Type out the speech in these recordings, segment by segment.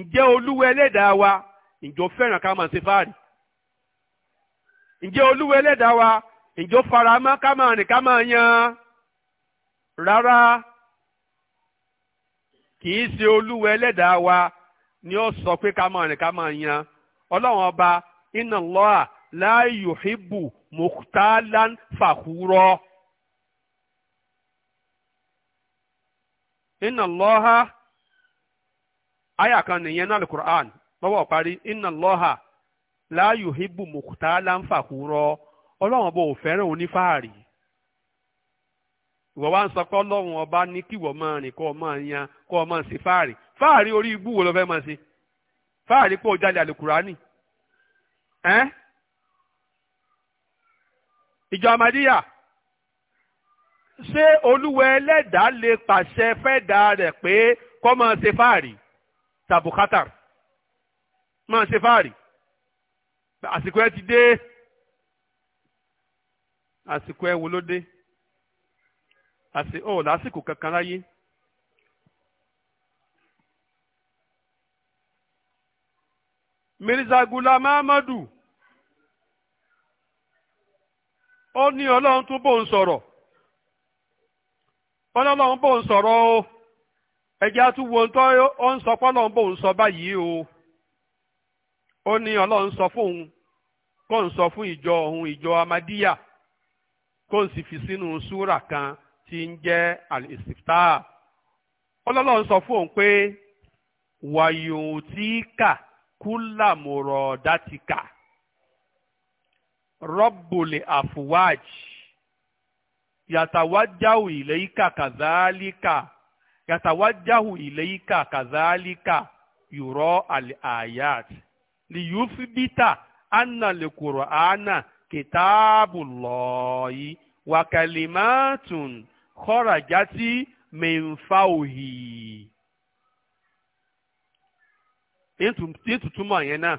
ǹjẹ́ olúwa ẹlẹ́dàá wa ǹjọ́ fẹ́ràn ká máa ṣe fáàrí ǹjẹ́ olúwa ẹlẹ́dàá wa ǹjọ́ faramọ́ ká máa rìn ká máa yan rárá kì í ṣe olúwa ẹlẹ́dàá wa ni ó sọ pé ká yan ọlọ́run ọba iná lọ́à láàyò mùtálán fàkúrọ́. àyà kan nìyẹn náà alukur'an lọ́wọ́ parí inna Allaha la yuhibbu mukhtalan fakhura ọlọ́run ọba ò fẹ́ràn onífàárì ìwọ wá ń sọ pé ọlọ́run ọba ní kíwọ máa rìn kọ́ ọ máa yan kọ́ ọ máa ṣe fàárì fàárì orí ibú wo ló fẹ́ máa ṣe fàárì pé ó jalè alukur'ani ẹ́ ìjọ amadiya ṣé olúwa ẹlẹ́dàá lè pàṣẹ fẹ́dàá rẹ̀ pé kọ́ máa ṣe fàárì. tàbí qatar máa ṣe fáàrí àsìkò ẹ ti dé àsìkò ẹ wo ló dé àsì ọ lásìkò kankan láyé Mirza Gulam Ahmadu ó ní ọlọ́run tún bò ń sọ̀rọ̀ ọlọ́run bò ń sọ̀rọ̀ o. ẹjẹ́ àtúwò ń ọ ń sọ pọ́lọ́ ń báyìí o ó ní ọlọ́run sọ fóun kó ń sọ fún ìjọ òun ìjọ amadíyà kó ń fi sínú kan tí ń jẹ́ àlìsìftà ọlọ́run sọ fóun pé wàyòun tí kà kúlà mọ̀rọ̀ dátìkà rọ́bùlì àfùwájì yàtàwájáwì lẹ́yìn yàtàwájáhù ìlẹ́yìíkà kàzáálíkà yùrọ́ àyàt lìyúfíbítà ánàlẹ́kùrọ̀ àánà kìtààbù lọ́ọ̀yì wàkàlìmátùn kọ́rajátì mẹ́ǹfàòhì. ní ìtútúmọ̀ yẹn náà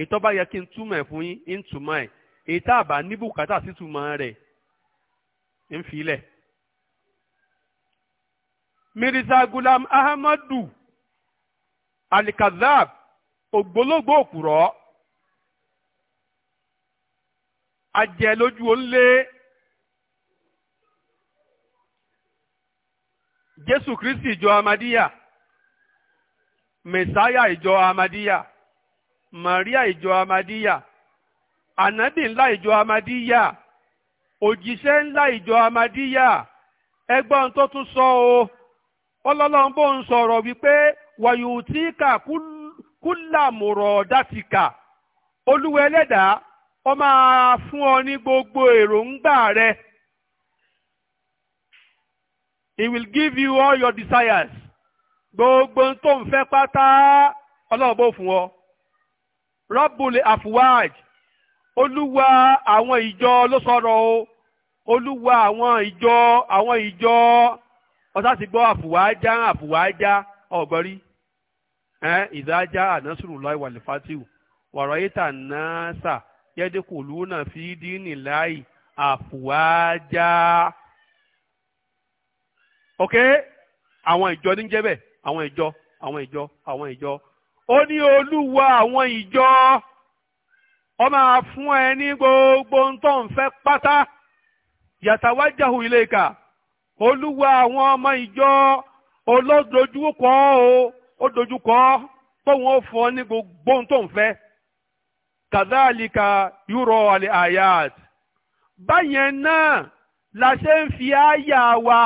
ètò bá yẹ kí n túmọ̀ ẹ̀ fún yín ń túmọ̀ ẹ̀ ètò àbá níbùkátà sí túmọ̀ rẹ̀ ń filẹ̀. mirisa gulam ahmadu alikazab ogbologbo òkùrọ́ ajẹ́ lójú onlé jésù kristi ìjọ amadiya mẹsáyà ìjọ amadiya maria ìjọ amadiya ànábì ńlá ìjọ amadiya òjíṣẹ́ ńlá ìjọ amadiya ẹgbọ́n tó tún sọ o. So ọlọ́lọ́run ń sọ̀rọ̀ wípé wàyùtíkà kúlàmùrọ̀ dátìkà olúwa ẹlẹ́dàá ó máa fún ọ ní gbogbo èròǹgbà rẹ. he will give you all your desires gbogbo tó ń fẹ́ pátá ọlọ́run fún ọ. rọ́bùlì àfùwáàj olúwa àwọn ìjọ ló sọ̀rọ̀ o olúwa àwọn ìjọ àwọn ìjọ. ọtá ti gbọ́ àfùwájá àfùwájá ọ̀gbọ́rí ẹ̀ ìdájá ànásùrù láì wà lẹ́fàtíù wàrọ̀ yíta náà sà fi ok àwọn ìjọ ní jẹ́bẹ̀ àwọn ìjọ àwọn ìjọ àwọn ìjọ ó ní olúwa àwọn ìjọ máa fún ẹ gbogbo ilé olúwa àwọn ọmọ ìjọ olódojúkọ o ó dojúkọ tóun ó fún ọ ní gbogbo ohun tó ń fẹ́ kàdáàlìkà yúrọ àlẹ àyàt báyẹn náà la ṣe ń fi àyà wa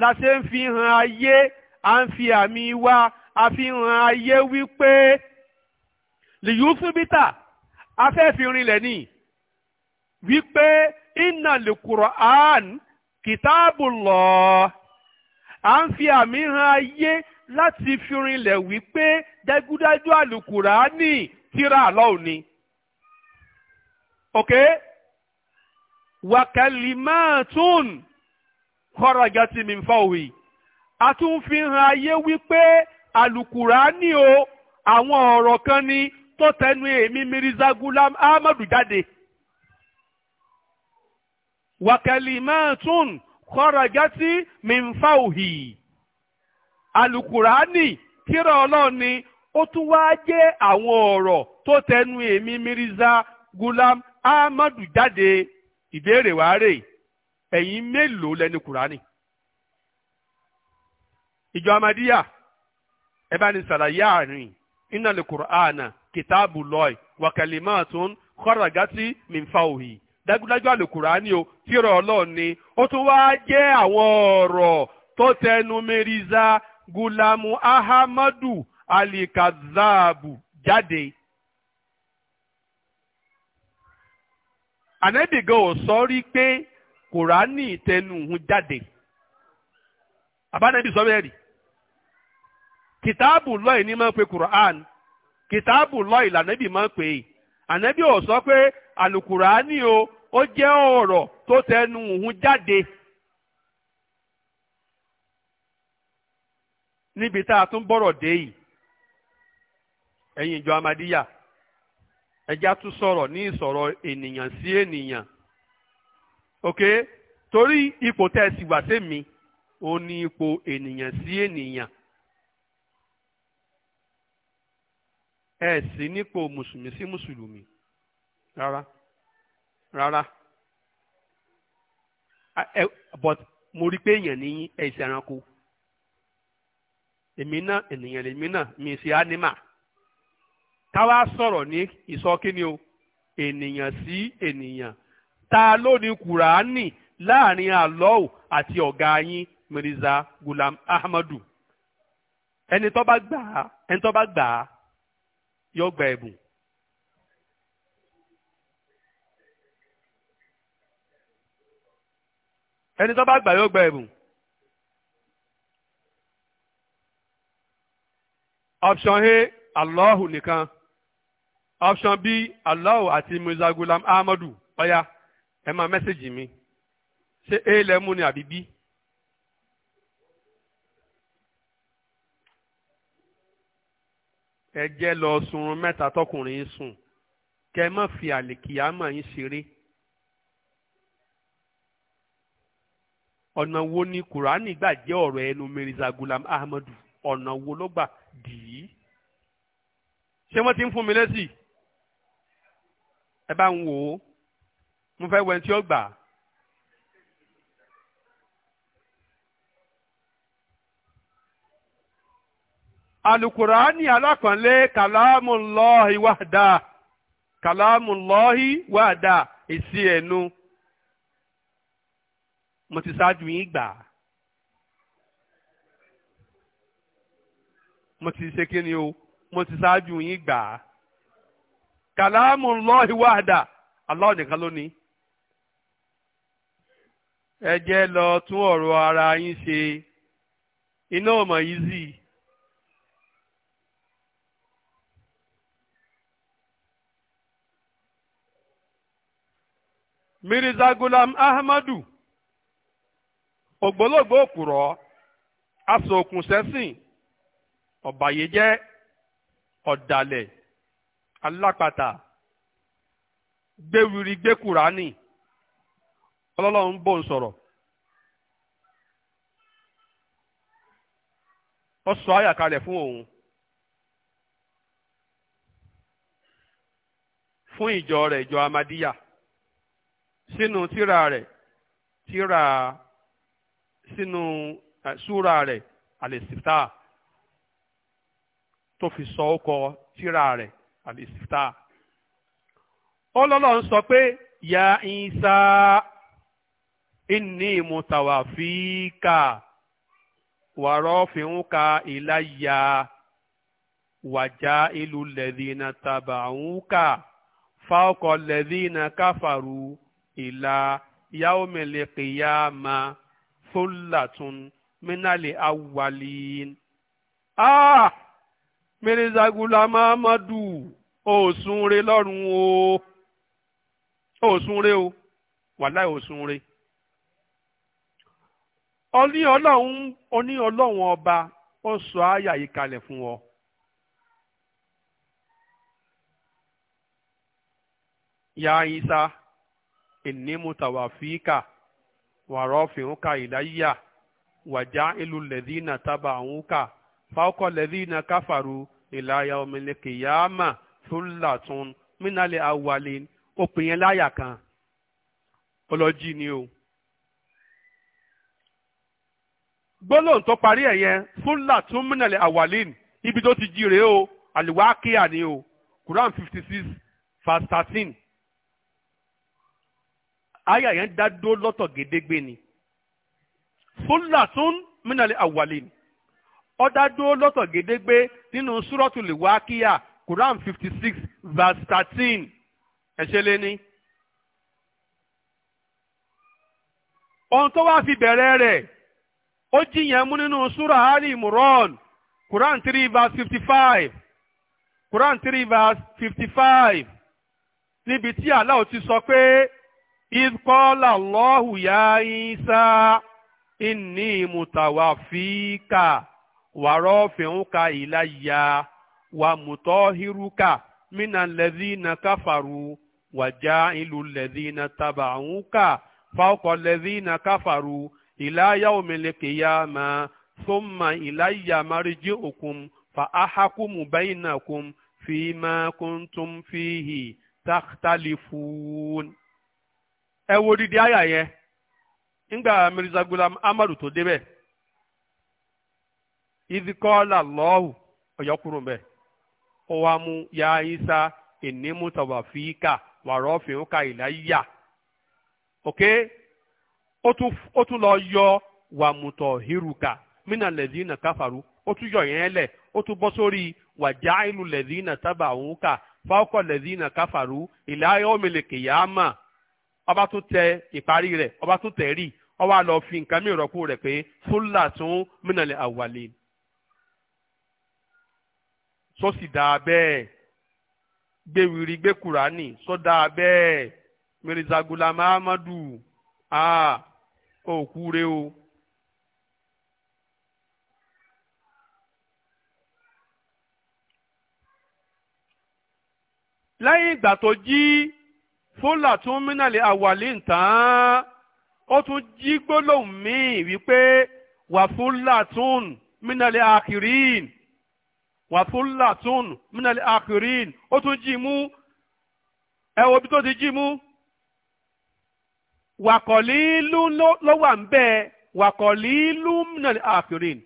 la ṣe ń fi hàn ayé à ń fi àmì wa àfihàn ayé wípé lìyúsùbítà afẹ́fìrin lẹ́nìí wípé iná lè kúrọ̀ àánú. Kitabullah à ń fi àmì hàn ayé láti fi rinlẹ̀ wípé dájúdájú àlùkùránì tírà Allah ni. ok wakalimatun kharajat min fawi a tún fi hàn ayé wípé àlùkùránì o àwọn ọ̀rọ̀ kan ni tó tẹnu èmi Mirza Gulam Ahmadu jáde wàkẹlìmẹ́tún kọ́rọ̀jẹ́tì mìfáùhì alukurani kíra ọlọ́ọ̀ni ó tún wá jẹ́ àwọn ọ̀rọ̀ tó tẹnu èmi Mirza Gulam Ahmadu jáde ìbéèrè wàá rè ẹ̀yin mélòó lẹni kurani ìjọ amadiya ẹ bá ní sàlàyé àárín iná lè kùrọ̀ àná kìtàbù lọ́ọ̀ wàkàlìmọ́ àtún kọ́rọ̀gátì mìfáòhì dájúdájú àlùkùránì o tírà ọlọ́run ni ó tún wá jẹ́ àwọn ọ̀rọ̀ tó gulamu ahamadu jáde. ò sọ rí pé tẹnu òun jáde àbánẹ́bì sọ bẹ́ẹ̀ rí kìtáàbù lọ́ọ̀ ní máa ń pe kùránì kìtáàbù ànábì ò sọ pé àlùkùránì o ó jẹ́ ọ̀rọ̀ tó tẹnu òun jáde níbi tá a tún bọ̀rọ̀ dé yìí ẹ̀yin ìjọ amadíyà ẹja tún sọ̀rọ̀ ní ìsọ̀rọ̀ ènìyàn sí ènìyàn ok torí ipò tẹ́ ẹ sì wà sí mi ó ní ipò ènìyàn sí ènìyàn. ẹ sí nípò mùsùlùmí sí mùsùlùmí rárá rárá ẹ but mo rí pé èèyàn ní ẹ̀sìn ẹranko èmi náà ènìyàn lèmi náà mi ṣe ánimà táwa sọ̀rọ̀ ní ìsọkíni o ènìyàn sí ènìyàn ta ló ní kùránì láàrin àlọ́ọ̀ àti ọ̀gá yín Mirza Gulam Ahmadu ẹni tó bá gbà á ẹni tó bá gbà á yóò gba ẹ̀bùn. ẹni tó bá gbà yóò gba ẹ̀bùn. option a Allahu nìkan option b Allahu àti Mirza Ghulam Ahmadu ọ̀ya ẹ̀ máa mẹ́sẹ̀gì mi ṣé a lẹ́mú ni àbí b. ẹ jẹ́ lọ sunrun mẹ́ta tọkùnrin yín sùn kẹ má fi àlìkìyámà yín ṣeré. ọ̀nà wo ni kùránì gbà jẹ́ ọ̀rọ̀ ẹnu Mirza Gulam Ahmadu ọ̀nà wo ló gbà dì í. ṣé wọ́n ti ń fún mi lésì? ẹ bá ń wò ó mo fẹ́ wẹ́n tí ó gbà á. alukurani alákànlé kàlámùlọ́ọ̀hì wàdà kàlámùlọ́ọ̀hì wàdà èsì ẹ̀nu mo ti mo ti o mo ti ẹ jẹ lọ tún ọrọ ara yín ṣe iná ọmọ yìí zì Mirza Gulam Ahmadu ògbólógbò òpùrọ́ asòkùnsẹ́sìn ọ̀bàyéjẹ́ ọ̀dàlẹ̀ alápàtà gbéwìrì gbékùránì ọlọ́lọ́run bò ń sọ̀rọ̀ ó sọ àyàkálẹ̀ fún òun fún ìjọ rẹ ìjọ amadiya sínú tíra rẹ̀ tíra sínú eh, súra rẹ àlèsìtá tó fi sọ ọkọ tíra rẹ̀ àlèsìtá. ọlọ́lọ́ ń sọ pé ya Isa inni mutawafika wa rafi'uka ilayya wa ja'ilu alladhina taba'uka fawqa alladhina kafaru. ìlà yaomele kìyàmà fúlàtún mínàlè awàlín. ah mirza gulam amadu òsùnre lọ́rùn o òsùnre o wàláì òsùnre oní ọlọ́run oní ọlọ́run ọba ó sọ àyà yìí kalẹ̀ fún ọ. ya isa inni mutawafika wa rafi'uka ilayya wa ja'ilu alladhina taba'uka fawqa alladhina kafaru ila yawmil qiyamah thullatun minal awwalin òpin yẹn láyà kan ọlọ́jì ni o. gbólóhùn tó parí ẹ̀ yẹn thullatun minal awwalin ibi tó ti jí rèé o àlùwákíà ni o Quran fifty verse thirteen. àyà yẹn dá dó lọ́tọ̀ gédégbé ni fúlàtún mínàlẹ́ àwàlẹ́ ni ó dá dó lọ́tọ̀ gédégbé nínú súrọ́tùlì wákíyà Quran fifty six verse thirteen ẹ̀ṣẹ́ lé ní. ohun tó wá fi bẹ̀rẹ̀ rẹ̀ ó jiyàn mú nínú súrà Ali Imran Quran three verse fifty five Quran three verse fifty five níbi tí Allah ti sọ pé. إذ قال الله يا عيسى إني متوفيك ورافعك إلي ومطهرك من الذين كفروا وجاعل الذين تبعوك فوق الذين كفروا إلى يوم القيامة ثم إلي مرجعكم فأحكم بينكم فيما كنتم فيه تختلفون ẹ wo di àyà yẹn ńgbà Mirza Gulam Amadu tó débẹ̀ ìdíkọ́lá lọ́hù ọ̀yọ́kúrò mbẹ́ mụ ya isa ìnímùtàwàfíìkà wàrọ́ọ̀fìnkà ìláyà ok ó tún lọ yọ wàmùtọ̀ hírùkà mínà lẹ́dínà káfàrú ó tún yọ yẹn lẹ̀ ó tún bọ́ sórí wàjá ìlú lẹ́dínà tábà òun kà fáwọ́kọ̀ lẹ́dínà káfàrú ìláyà òmìnira kìyàmà ọba tó tẹ ìparí rẹ̀ ọba tó tẹ̀ rí ọba lọ fi nǹkan mìíràn kú rẹ̀ pé fúlà tún mìnàlẹ̀ àwàlẹ̀ sọ́sì dáa bẹ́ẹ̀ gbẹ̀wìrì gbé kùránì sọ́dà bẹ́ẹ̀ mẹ́rìndàgùlà mahamadu òkú rẹ o. lẹ́yìn ìgbà tó jí fúlà tún mínàlì àwàlí tán ó tún jí gbólóhùn míì wípé wà fúlà tún mínàlì àkìrín wà fúlà tún mínàlì àkìrín ó tún jí mú ẹ wo bí tó ti jí mú wàkọ̀lí ìlú ló wà ń bẹ́ẹ̀ wàkọ̀lí ìlú mínàlì àkìrín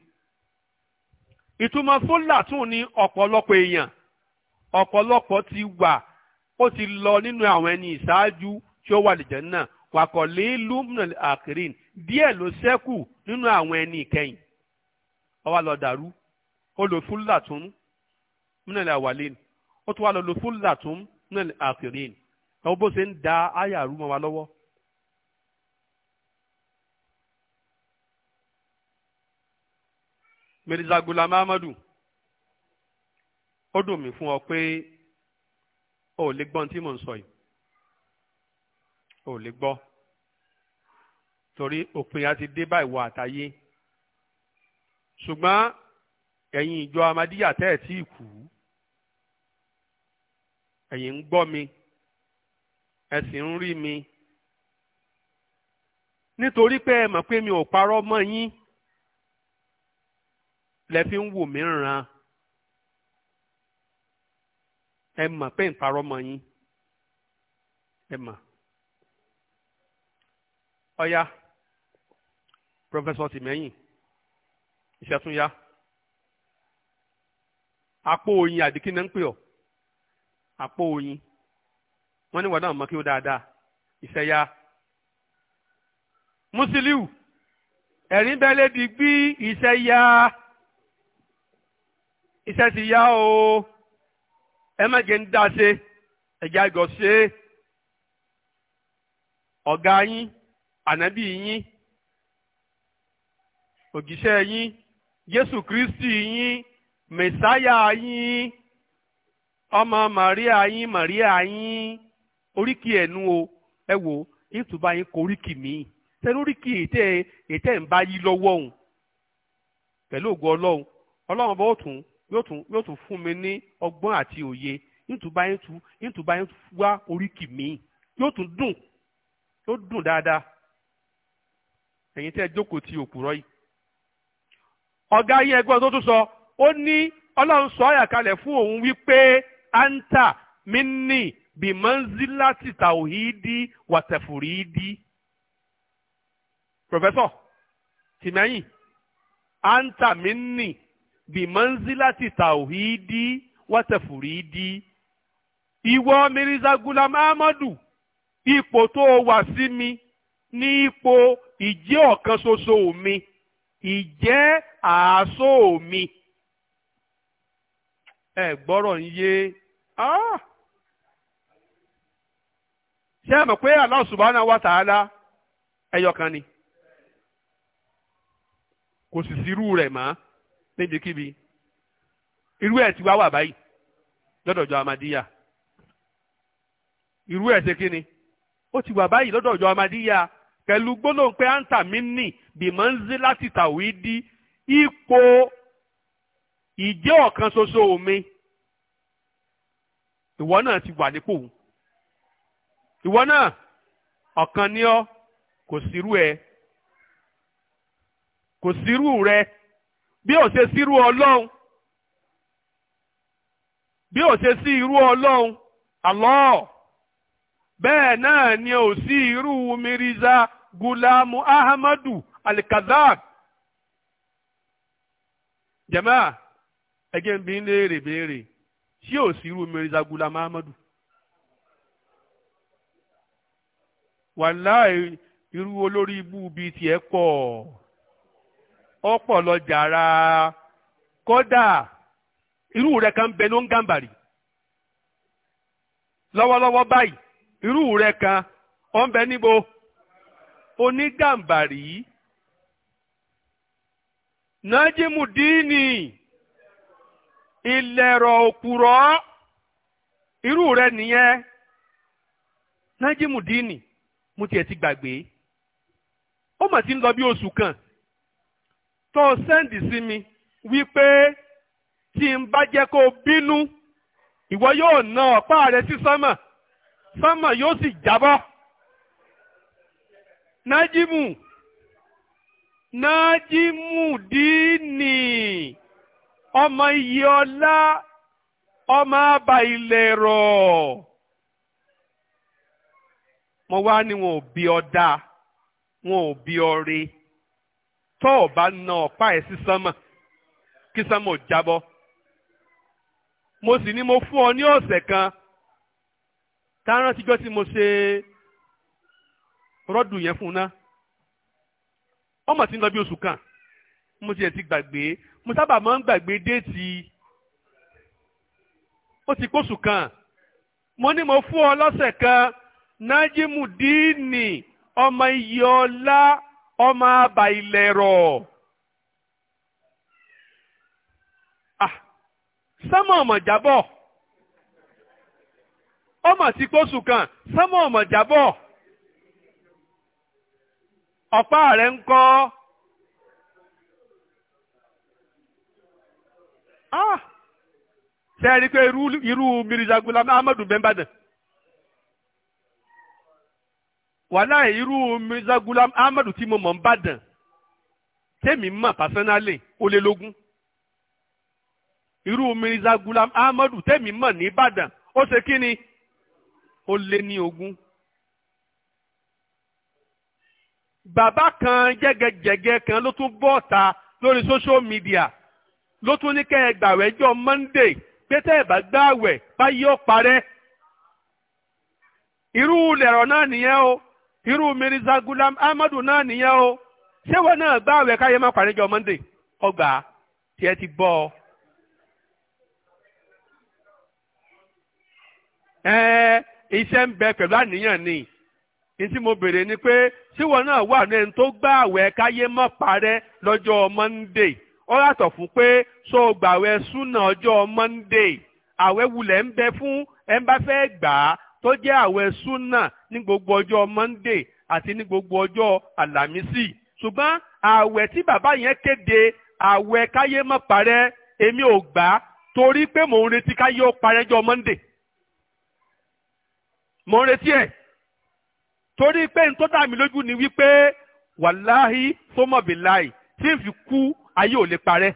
ìtumọ̀ fúlà tún ni ọ̀pọ̀lọpọ̀ èèyàn ọ̀pọ̀lọpọ̀ ti wà. ó ti lọ nínú àwọn ẹni ìṣáájú tí ó wà lìjẹ́ náà wàkọ̀lé lúmùnà àkìrín díẹ̀ ló ṣẹ́kù nínú àwọn ẹni ìkẹyìn ó lọ dàrú ó lò fúlà tún múnà àwàlẹ́ ó tún wá lọ lò fúlà tún múnà àkìrín ọwọ́ bó ṣe ń da àyà rú mọ́ wa lọ́wọ́. Mirza Gulam Ahmadu ó dùn mí fún ọ pé ò lè gbọ́n tí mò ń sọ yìí ò lè gbọ́ torí òpin àti dé bá ìwà àtàyé ṣùgbọ́n ẹ̀yin ìjọ amadíyà tẹ́ ẹ̀ tí ì kú ẹ̀yin ń gbọ́ mi ẹ sì ń rí mi nítorí pé ẹ mọ̀ pé mi ò parọ́ mọ́ yín lẹ fi ń wò mí ràn án ẹ mọ̀ pé ń parọ́ mọ́ yín ẹ mọ̀. ọ̀ya pọfẹsọ tìmẹ́yìn iṣẹ́ tún yá àpò oyin àbí kí ni ń pè ọ́ àpò oyin wọ́n ní wọ́n náà kí ó dáadáa iṣẹ́ yá. Musiliu ẹ̀rín bẹ́lẹ́ di gbí iṣẹ́ yá iṣẹ́ ti yá o. Emege gị ndị ase ẹgị agọsie ọga anabi anyị ogise anyị Yesu kristi anyị mesaya anyị ọmọ maria anyị maria anyị oriki enuo o ẹwo ịtụba anyị oriki mii tẹnu oriki ete ete mba yi lọwọ ohun pẹlú ogun ọlọrun ọlọrun bọ ọtún. yóò tún fún mi ní ọgbọ́n àti òye nítùbá yín tu nítùbá yín wá oríkì mi yóò tún dùn yóò dùn dáadáa ẹ̀yin tẹ́ ẹ jókòó ti òpùrọ́ yìí. ọ̀gá yín ẹgbẹ́ tó tún sọ ó ní ọlọ́run sọ àyà kalẹ̀ fún òun wípé anta minni bimanzilati tawhidi watafuridi. pòfẹ́sọ̀ tìmẹ́yìn anta minni bimanzilati tawhidi watafuridi ìwọ mirza gulam amadu ipò tó o wà sí mi ní ipò ìjẹ́ ọ̀kan ṣoṣo mi ìjẹ́ àásó mi ẹ gbọ́rọ̀ ń yé ah! ṣé ẹ mọ̀ pé Allah subhanahu wa ta'ala ẹyọkan ni kò sì sírú rẹ̀ mọ́ níbikíbi irú ẹ̀ ti wá wà báyìí lọ́dọ̀ ìjọ amadíyà irú ẹ̀ ṣe kí ni ó ti wà báyìí lọ́dọ̀ ìjọ amadíyà pẹ̀lú gbólóhùn pé áńtà mi nì bìmọ̀ ń zí láti tàwí di ipò ìjẹ́ ọ̀kan ṣoṣo mi ìwọ náà ti wà nípò ìwọ náà ọ̀kan ni ọ́ kò sírú ẹ kò sírú rẹ. bí ò ṣe sí irú ọlọ́run bí ò ṣe sí irú ọlọ́run Allah bẹ́ẹ̀ náà ni ò sí irú Mirza Gulamu Ahmadu Al-Kazak jẹ́mọ́ ẹgẹ́ ń bí ń léèrè béèrè tí ò sí irú Mirza Gulamu Ahmadu wàláì irú olórí ibú bíi tiẹ̀ pọ̀. ọ̀pọ̀ lọ jàrá kódà irú rẹ̀ kan bẹ ló ń gàǹbàrì lọ́wọ́lọ́wọ́ báyìí irú rẹ̀ kan ọ ń bẹ níbo onígàǹbàrì nájímù díìnì ilẹ̀rọ̀ irú rẹ̀ nìyẹn nájímù díìnì mo tiẹ̀ ti gbàgbé ó mà ti ń lọ bí oṣù kan tó sẹ́ǹdì sí mi wípé tí n bá jẹ́ kó bínú ìwọ yóò na ọ̀pá rẹ sí sánmà sánmà yóò sì jábọ́. nájímù nájímù díìnì ọmọ iye ọlá ọmọ àbá ilẹ̀ rọ̀. mo wá ní wọn ò bí ọ dáa wọn ò bí ọ rí. tọ́ ọba bá na ọ̀pá ẹ̀ sí sánmà kí sánmà ò jábọ́ mo sì ní mo fún ọ ní ọ̀sẹ̀ kan tárán tíjọ́ tí mo ṣe rọ́dù yẹn fún un ná ọmọ tí ń lọ bí oṣù kan mo si ti gbàgbé mo sábà máa ń gbàgbé déètì ó ti kóṣù kan mo ní mo fún ọ lọ́sẹ̀ kan nájímù díìnì ọmọ iye ọlá ọma àbà ilẹ̀ rọ̀ ọma ọ̀mọ̀jábọ̀ ọmọ kan sẹ́mọ̀ ọ̀mọ̀jábọ̀ ọ̀pá rẹ̀ ń pé irú Mirza Ahmadu wàhálà irú Mirza Gulam Ahmadu tí mo mọ̀ ń bàdàn tèmi mọ̀ pàṣánálì ó lé lógún irú Mirza Gulam Ahmadu mọ̀ ní Ìbàdàn ó ṣe kí ni ó lé ní ogún. bàbá kan jẹ́gẹ́jẹ́gẹ́ kan ló tún bọ́ ọ̀ta lórí social media ló tún ní kẹ́ ẹ gbàwẹ́jọ́ Monday pé tẹ́ ẹ bá gbàwẹ̀ báyìí ó parẹ́ irú lẹ̀rọ náà nìyẹn o irú mirza zagula amadu náà nìyẹn o ṣé wọn náà gbá àwẹ̀ káyé má parí jọ monday ọgbà tiẹ̀ ti bọ́ ọ. ẹ iṣẹ́ ń bẹ pẹ̀lú àníyàn ni ní tí mo béèrè ni pé ṣé wọn náà wà ní ẹni tó gbá àwẹ̀ káyé má parẹ́ lọ́jọ́ monday ó yàtọ̀ fún pé so gbàwẹ̀ súnà ọjọ́ monday àwẹ̀ wulẹ̀ ń bẹ fún ẹ̀ bá fẹ́ gbà á tó jẹ́ àwẹ̀ súnà ní gbogbo ọjọ́ monday àti ní gbogbo ọjọ́ àlàmísì ṣùgbọ́n àwẹ̀ tí bàbá yẹn kéde àwẹ̀ káyé má parẹ́ èmi ò gbà á torí pé mò ń retí káyé ó parẹ́ jọ́ monday mò ń retí ẹ̀ torí pé n tó dà mí lójú ni wípé wàláhí sọmọbìláì tí n fi kú ayé ò lè parẹ́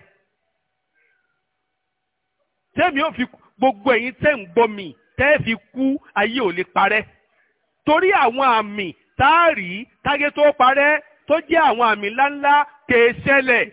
tẹ́mi ò fi gbogbo ẹ̀yìn tẹ́ ń gbọ́ mi tẹ́ẹ̀fì kú ayé ò lè parẹ́ torí àwọn àmì táàrí táyé tó parẹ́ tó jẹ́ àwọn àmì ńláńlá kèé ṣẹlẹ̀